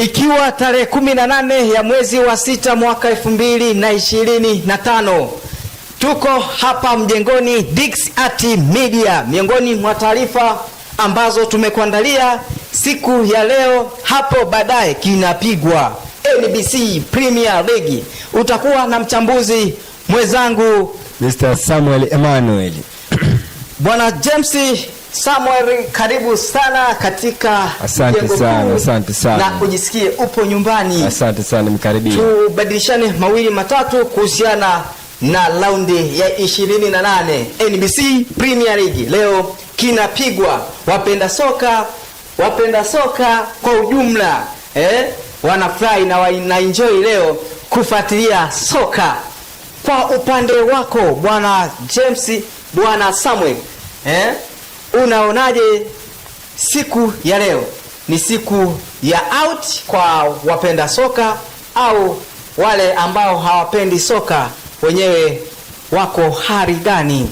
ikiwa tarehe kumi na nane ya mwezi wa sita mwaka elfu mbili na ishirini na tano tuko hapa mjengoni Dixiat Media. Miongoni mwa taarifa ambazo tumekuandalia siku ya leo, hapo baadaye kinapigwa NBC Premier League, utakuwa na mchambuzi mwenzangu Mr. Samuel Emmanuel Bwana James Samuel, karibu sana katika asante sana, asante sana. Na ujisikie upo nyumbani. Asante sana, mkaribia. Tubadilishane mawili matatu kuhusiana na raundi ya 28 NBC Premier League. Leo kinapigwa wapenda soka, wapenda soka kwa ujumla eh, wanafurahi na wanaenjoy leo kufuatilia soka. Kwa upande wako bwana James, bwana Samuel eh Unaonaje siku ya leo? Ni siku ya out kwa wapenda soka au wale ambao hawapendi soka wenyewe wako hali gani?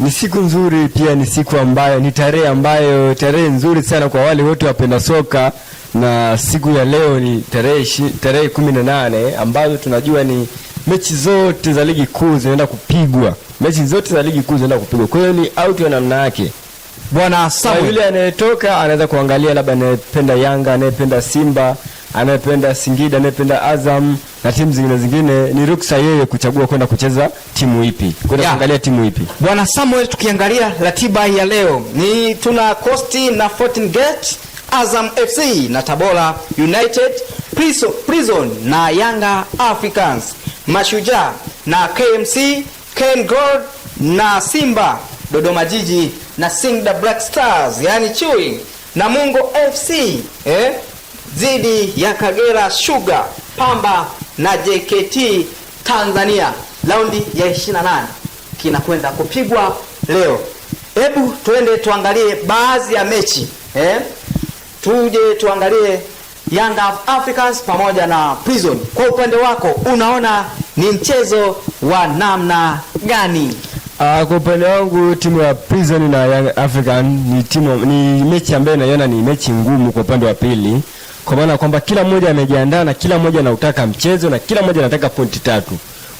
Ni siku nzuri, pia ni siku ambayo ni tarehe ambayo tarehe nzuri sana kwa wale wote wapenda soka, na siku ya leo ni tarehe tarehe kumi na nane ambazo tunajua ni mechi zote za ligi kuu zinaenda kupigwa, mechi zote za ligi kuu zinaenda kupigwa. Kwa hiyo ni out ya namna yake. Bwana Samuel yule anayetoka anaweza kuangalia, labda anayependa Yanga, anayependa Simba, anayependa Singida, anayependa Azam na timu zingine zingine, ni ruksa yeye kuchagua kwenda kucheza timu ipi, kwenda kuangalia timu ipi. Bwana Samuel, tukiangalia ratiba ya leo ni tuna Coast na Fountain Gate, Azam FC na Tabora United Prison, Prison na Yanga Africans, Mashujaa na KMC, Ken Gold na Simba, Dodoma Jiji na Singida Black Stars yani chui na Mungo FC eh, dhidi ya Kagera Sugar, Pamba na JKT Tanzania. Raundi ya 28 kinakwenda kupigwa leo. Hebu tuende tuangalie baadhi ya mechi eh, tuje tuangalie Young Africans pamoja na Prison. Kwa upande wako unaona ni mchezo wa namna gani? Uh, kwa upande wangu timu ya Prison na Young African ni timu, ni mechi ambayo naiona ni mechi ngumu kwa upande wa pili, kwa maana kwamba kila mmoja amejiandaa na kila mmoja anautaka mchezo na kila mmoja anataka pointi tatu.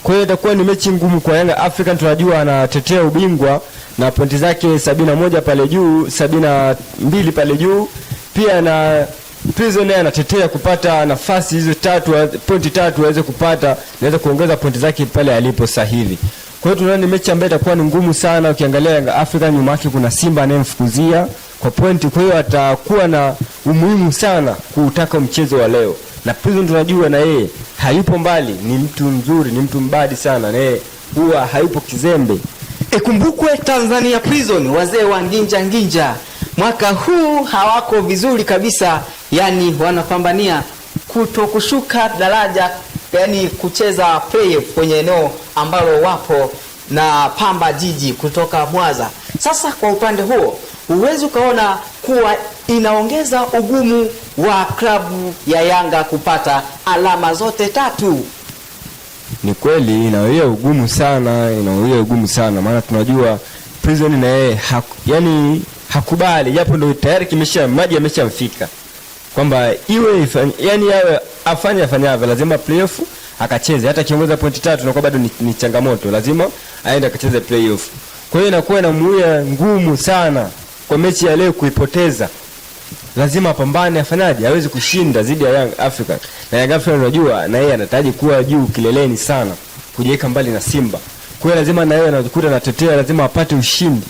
Kwa hiyo itakuwa ni mechi ngumu kwa Young African. Tunajua anatetea ubingwa na pointi zake sabini na moja pale juu, sabini na mbili pale juu pia na Mprizo naye anatetea kupata nafasi hizo tatu, pointi tatu aweze kupata, naweza kuongeza pointi zake pale alipo sasa hivi. Kwa hiyo tunaona ni mechi ambayo itakuwa ni ngumu sana. Ukiangalia Yanga Africa nyuma yake kuna Simba anayemfukuzia kwa pointi, kwa hiyo atakuwa na umuhimu sana kuutaka mchezo wa leo, na Prison tunajua na yeye hayupo mbali, ni mtu mzuri, ni mtu mbadi sana, na yeye huwa hayupo kizembe. Ikumbukwe Tanzania Prison wazee wa nginja nginja Mwaka huu hawako vizuri kabisa, yani wanapambania kutokushuka daraja, yani kucheza play kwenye eneo ambalo wapo na Pamba Jiji kutoka Mwanza. Sasa kwa upande huo huwezi ukaona kuwa inaongeza ugumu wa klabu ya Yanga kupata alama zote tatu. Ni kweli inawia ugumu sana, inawia ugumu sana, maana tunajua Prison na yeye yani hakubali, japo ndio tayari kimesha maji yameshamfika kwamba iwe yani yawe afanye afanyavyo, lazima playoff akacheze. Hata kiongoza pointi tatu nakuwa bado ni, ni changamoto, lazima aende akacheze playoff. Kwa hiyo inakuwa inamuia ngumu sana kwa mechi ya leo kuipoteza, lazima apambane, afanyaje, hawezi kushinda dhidi ya Young Africa na Young Africa unajua, na yeye anataji kuwa juu kileleni sana, kujiweka mbali na Simba. Kwa hiyo lazima na yeye anakuta anatetea, lazima apate ushindi.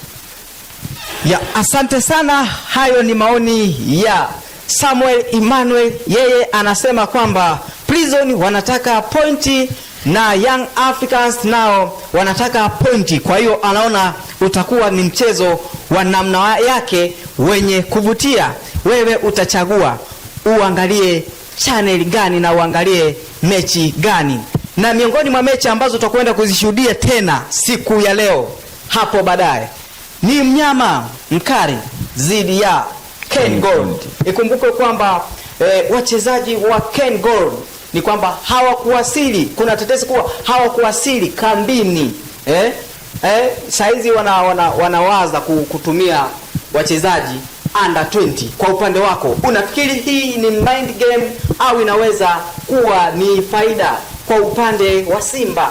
Ya, asante sana. Hayo ni maoni ya Samuel Emmanuel, yeye anasema kwamba Prison wanataka pointi na Young Africans nao wanataka pointi. Kwa hiyo anaona utakuwa ni mchezo wa namna yake wenye kuvutia. Wewe utachagua uangalie channel gani na uangalie mechi gani, na miongoni mwa mechi ambazo utakwenda kuzishuhudia tena siku ya leo hapo baadaye ni mnyama mkali dhidi ya Ken Gold. Ikumbukwe kwamba e, wachezaji wa Ken Gold ni kwamba hawakuwasili, kuna tetesi kuwa hawakuwasili kambini eh? Eh, saizi wana, wana, wanawaza kutumia wachezaji under 20. Kwa upande wako unafikiri hii ni mind game au inaweza kuwa ni faida kwa upande wa Simba?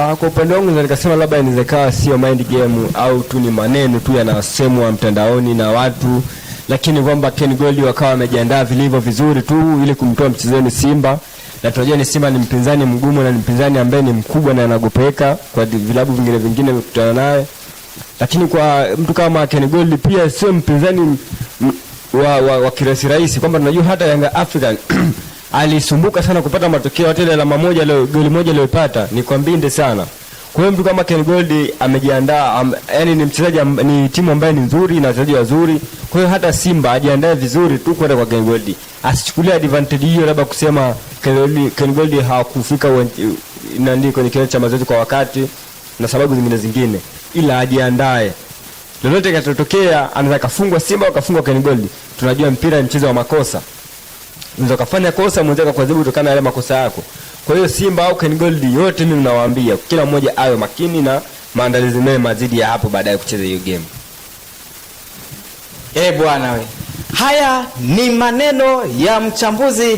Ah, kwa upande wangu naweza nikasema labda inaweza sio mind game au tu ni maneno tu yanasemwa mtandaoni na watu, lakini kwamba Ken Gold wakawa wamejiandaa vilivyo vizuri tu ili kumtoa mchezoni Simba, na tunajua ni Simba ni mpinzani mgumu na ni mpinzani ambaye ni mkubwa na anagopeka kwa vilabu vingine vingine vikutana naye, lakini kwa mtu kama Ken Gold pia sio mpinzani wa, wa, wa kirahisi rahisi, kwamba tunajua hata Yanga African alisumbuka sana kupata matokeo. Hata ile alama moja leo, goli moja aliyopata ni kwa mbinde sana. Kwa hiyo mtu kama Ken Gold amejiandaa, am, yani ni mchezaji, ni timu ambayo ni nzuri na wachezaji wazuri. Kwa hiyo hata Simba ajiandae vizuri tu kwenda kwa Ken Gold, asichukulie advantage hiyo, labda kusema Ken Gold hakufika nani kwenye kile cha mazoezi kwa wakati na sababu zingine zingine, ila ajiandae lolote kitatokea anaweza kafungwa Simba au kafungwa Ken Gold. Tunajua mpira ni mchezo wa makosa unaweza kufanya kosa mwenzako kuadhibu kutokana na yale makosa yako. Kwa hiyo Simba au Ken Gold yote, mimi nawaambia kila mmoja awe makini na maandalizi mema mazidi ya hapo baadaye kucheza hiyo game. Eh, bwana we, haya ni maneno ya mchambuzi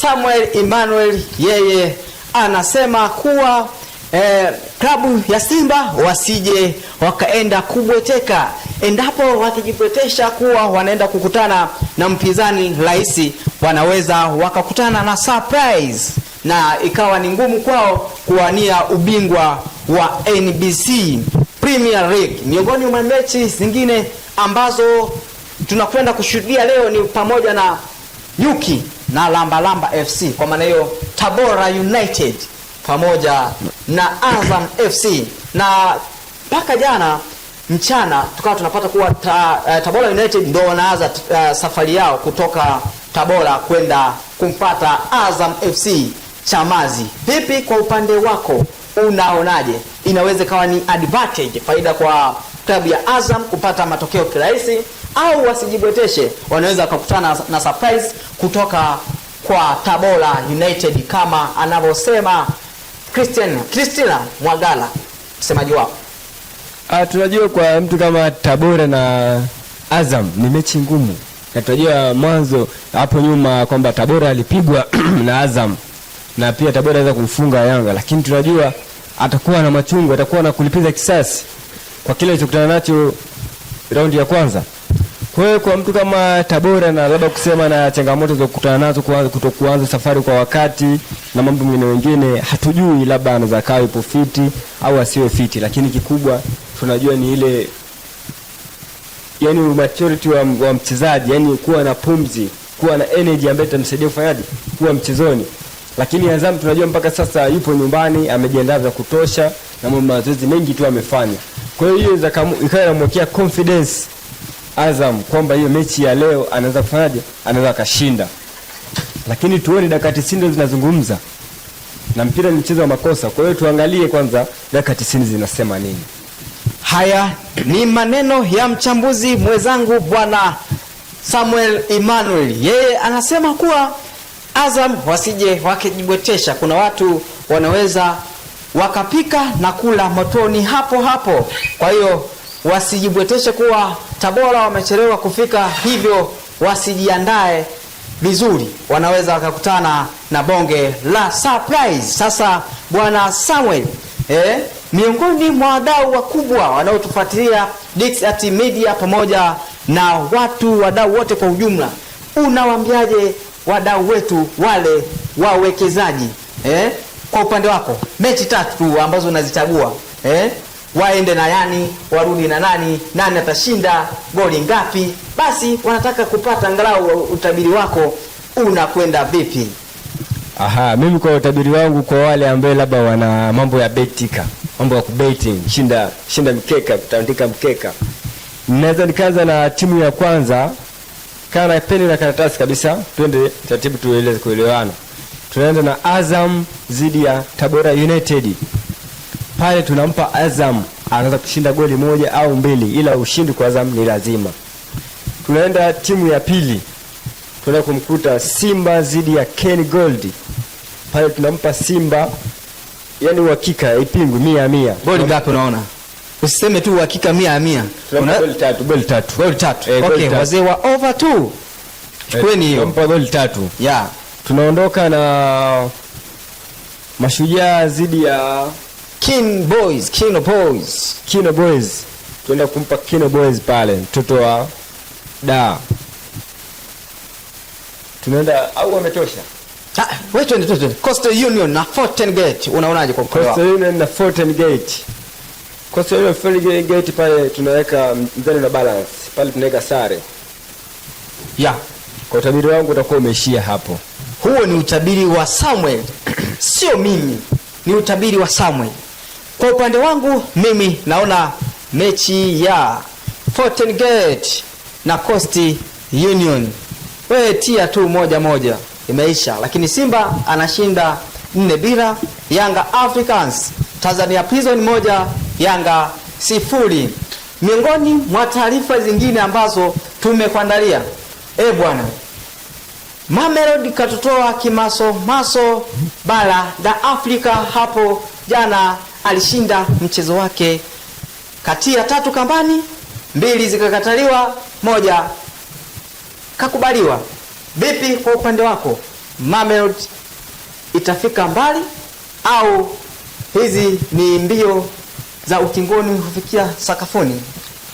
Samuel Emmanuel, yeye anasema kuwa eh, klabu ya Simba wasije wakaenda kubweteka endapo watajipwetesha kuwa wanaenda kukutana na mpinzani rahisi, wanaweza wakakutana na surprise na ikawa ni ngumu kwao kuwania ubingwa wa NBC Premier League. Miongoni mwa mechi zingine ambazo tunakwenda kushuhudia leo ni pamoja na Yuki na Lambalamba Lamba FC, kwa maana hiyo Tabora United pamoja na Azam FC na mpaka jana mchana tukawa tunapata kuwa ta, uh, Tabora United ndio wanaanza uh, safari yao kutoka Tabora kwenda kumpata Azam FC Chamazi. Vipi kwa upande wako, unaonaje? Inaweza ikawa ni advantage, faida kwa klabu ya Azam kupata matokeo kirahisi, au wasijibweteshe, wanaweza wakakutana na surprise kutoka kwa Tabora United kama anavyosema Christian, Christina Mwagala msemaji wako. Ah, tunajua kwa mtu kama Tabora na Azam ni mechi ngumu. Na tunajua mwanzo hapo nyuma kwamba Tabora alipigwa na Azam na pia Tabora aweza kumfunga Yanga, lakini tunajua atakuwa na machungu, atakuwa na kulipiza kisasi kwa kile alichokutana nacho raundi ya kwanza. Kwa hiyo kwa mtu kama Tabora na labda kusema na changamoto za kukutana nazo, kuanza safari kwa wakati na mambo mengine mengine, hatujui labda anaweza kawa ipo fiti au asiwe fiti, lakini kikubwa tunajua ni ile yani maturity wa, wa mchezaji, yani kuwa na pumzi, kuwa na energy ambayo itamsaidia kufanyaje kuwa mchezoni. Lakini Azam tunajua mpaka sasa yupo nyumbani, amejiandaa vya kutosha na mazoezi mengi tu amefanya. Kwa hiyo hiyo ikawa inamwekea confidence Azam kwamba hiyo mechi ya leo anaweza kufanyaje, anaweza akashinda, lakini tuone dakika 90 zinazungumza, na mpira ni mchezo wa makosa. Kwa hiyo tuangalie kwanza dakika 90 zinasema nini. Haya ni maneno ya mchambuzi mwenzangu bwana Samuel Emmanuel. Yeye anasema kuwa Azam wasije wakijibwetesha, kuna watu wanaweza wakapika na kula motoni hapo hapo. Kwa hiyo wasijibweteshe kuwa Tabora wamechelewa kufika, hivyo wasijiandae vizuri, wanaweza wakakutana na bonge la surprise. Sasa bwana Samuel eh, miongoni mwa wadau wakubwa wanaotufuatilia Dixiat Media pamoja na watu wadau wote kwa ujumla, unawaambiaje wadau wetu wale wawekezaji eh? Kwa upande wako mechi tatu ambazo unazichagua eh? waende na yani warudi na nani, nani atashinda goli ngapi. Basi wanataka kupata angalau utabiri wako unakwenda vipi? Aha, mimi kwa utabiri wangu kwa wale ambao labda wana mambo ya betika, mambo ya kubeting shinda shinda mkeka, kutandika mkeka, naweza nikaanza na timu ya kwanza kana peni na karatasi kabisa, twende taratibu, tueleze kuelewana. Tunaenda na Azam zidi ya Tabora United pale tunampa Azam, anaweza kushinda goli moja au mbili, ila ushindi kwa Azam ni lazima. Tunaenda timu ya pili, tunaenda kumkuta Simba zidi ya Ken Gold, pale tunampa Simba yani uhakika ipingwe mia mia. Goli ngapi unaona? Usiseme tu uhakika mia mia, goli tatu, goli tatu, goli tatu. Eh, okay, wazee wa over tu, chukueni hiyo, mpa goli tatu ya yeah. Tunaondoka na mashujaa zidi ya King Boys, Kino Boys. Kino Boys. Tuenda kumpa Kino Boys pale mtoto wa da. Tunaenda au ametosha Ah, wewe twende twende. Union na Gate. Unaonaje kwa kwa? Union na Gate. Union Gate pale tunaweka mzani na balance. Pale tunaweka sare. Yeah. Kwa utabiri wangu utakuwa umeishia hapo. Huo ni utabiri wa Samuel. Sio mimi. Ni utabiri wa Samuel. Kwa upande wangu mimi naona mechi ya Fountain Gate na Coast Union we tia tu moja moja imeisha, lakini Simba anashinda nne bila. Yanga Africans Tanzania Prison moja Yanga sifuri. Miongoni mwa taarifa zingine ambazo tumekuandalia, e bwana, Mamelodi katotoa kimasomaso bara la Afrika hapo jana alishinda mchezo wake kati ya tatu kambani, mbili zikakataliwa, moja kakubaliwa. Vipi kwa upande wako, mamelod itafika mbali au hizi ni mbio za ukingoni hufikia sakafuni?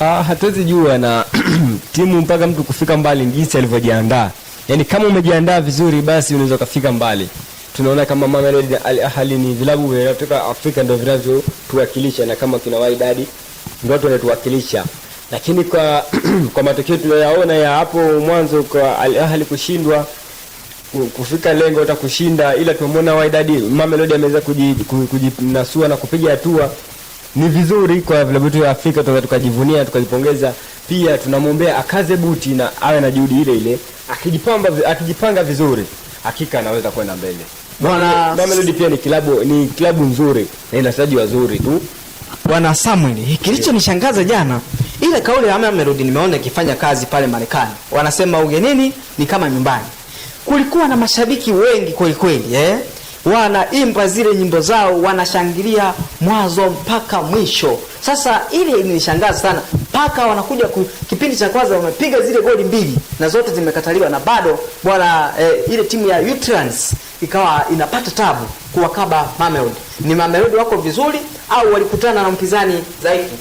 Ah, hatuwezi jua na timu mpaka mtu kufika mbali jinsi alivyojiandaa. Yaani kama umejiandaa vizuri, basi unaweza kufika mbali tunaona kama Mamelodi na Al Ahly ni vilabu vinavyotoka Afrika ndio vinavyotuwakilisha na kama kina Wydad ndio watu wanatuwakilisha, lakini kwa kwa matokeo tunayaona ya hapo mwanzo kwa Al Ahly kushindwa kufika lengo hata kushinda, ila tumemwona Wydad Mamelodi ameweza kujinasua na kupiga hatua. Ni vizuri kwa vilabu vya Afrika, tunaweza tukajivunia tukajipongeza. Pia tunamwombea akaze buti na awe na juhudi ile ile, akijipamba akijipanga vizuri hakika anaweza kwenda mbele. Bwana Mamelodi pia ni klabu ni klabu nzuri na ina wachezaji wazuri tu. Bwana Samuel, kilichonishangaza jana ile kauli ya Mamelodi nimeona ikifanya kazi pale Marekani. Wanasema ugenini ni kama nyumbani. Kulikuwa na mashabiki wengi kweli kweli, eh? wanaimba zile nyimbo zao, wanashangilia mwanzo mpaka mwisho. Sasa ile ilishangaza sana, mpaka wanakuja ku, kipindi cha kwanza wamepiga zile goli mbili na zote zimekataliwa, na bado bwana eh, ile timu ya Utrans ikawa inapata tabu kuwakaba Mamelodi. Ni Mamelodi wako vizuri au walikutana na mpinzani dhaifu?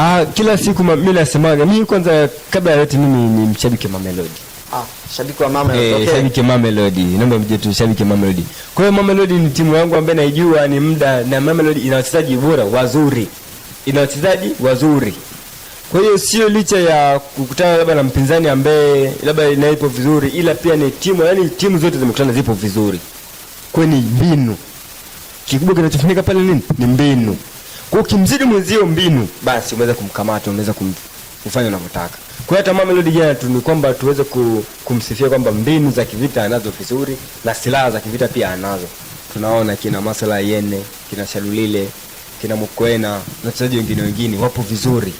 Ah, kila siku mimi nasemaga mimi kwanza, kabla ya yote, mimi ni mshabiki wa Mamelodi Ah, shabiki wa Mamelodi. Eh, shabiki Naomba mje tu shabiki Mamelodi. Kwa hiyo Mamelodi ni timu yangu ambayo naijua ni muda na Mamelodi ina wachezaji bora wazuri. Ina wachezaji wazuri. Kwa hiyo sio licha ya kukutana labda na mpinzani ambaye labda inaipo vizuri ila pia ni timu yani timu zote zimekutana zipo vizuri. Kwa ni mbinu. Kikubwa kinachofanyika pale nini? Ni mbinu. Kwa hiyo ukimzidi mwenzio mbinu, basi umeweza kumkamata, umeweza kumkamata ufanye unavyotaka. Kwa hiyo tamaa Mamelodi jana tu ni kwamba tuweze kumsifia kwamba mbinu za kivita anazo vizuri na silaha za kivita pia anazo. Tunaona kina Masala Yene, kina Shalulile, kina Mukwena na wachezaji wengine wengine wapo vizuri.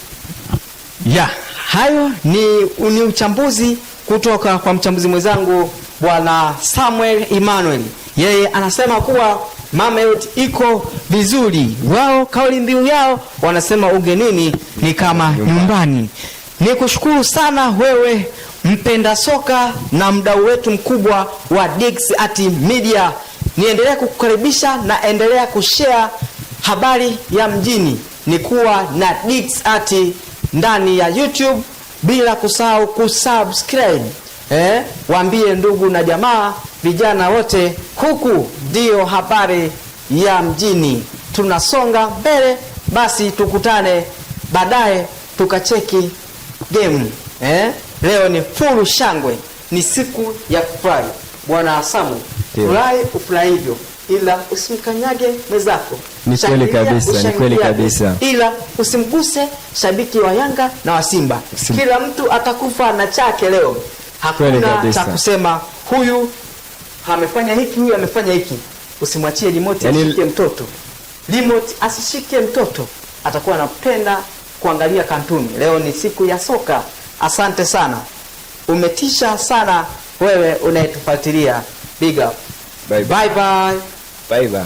Yeah, hayo ni, ni uchambuzi kutoka kwa mchambuzi mwenzangu Bwana Samuel Emmanuel. Yeye anasema kuwa mama yote iko vizuri. Wao kauli mbiu yao wanasema ugenini ni kama nyumbani. Nikushukuru sana wewe mpenda soka na mdau wetu mkubwa wa at Media. Niendelea kukukaribisha na endelea kushare habari ya mjini, ni kuwa na at ndani ya YouTube bila kusahau kusubscribe. Eh, waambie ndugu na jamaa, vijana wote huku ndiyo habari ya mjini. Tunasonga mbele, basi tukutane baadaye tukacheki game eh? Leo ni furu shangwe, ni siku ya kufurahi. Bwana Asamu, furahi ufurahivyo, ila usimkanyage mwenzako. Ni kweli kabisa, ni kweli kabisa, ila usimguse shabiki wa Yanga na wa Simba. Kila mtu atakufa na chake leo, hakuna cha kusema huyu amefanya hiki, huyu amefanya hiki. Usimwachie remote yani... ashike mtoto remote asishike mtoto, atakuwa anapenda kuangalia kantuni. Leo ni siku ya soka. Asante sana, umetisha sana wewe unayetufuatilia. Big up, bye bye, bye bye, bye bye.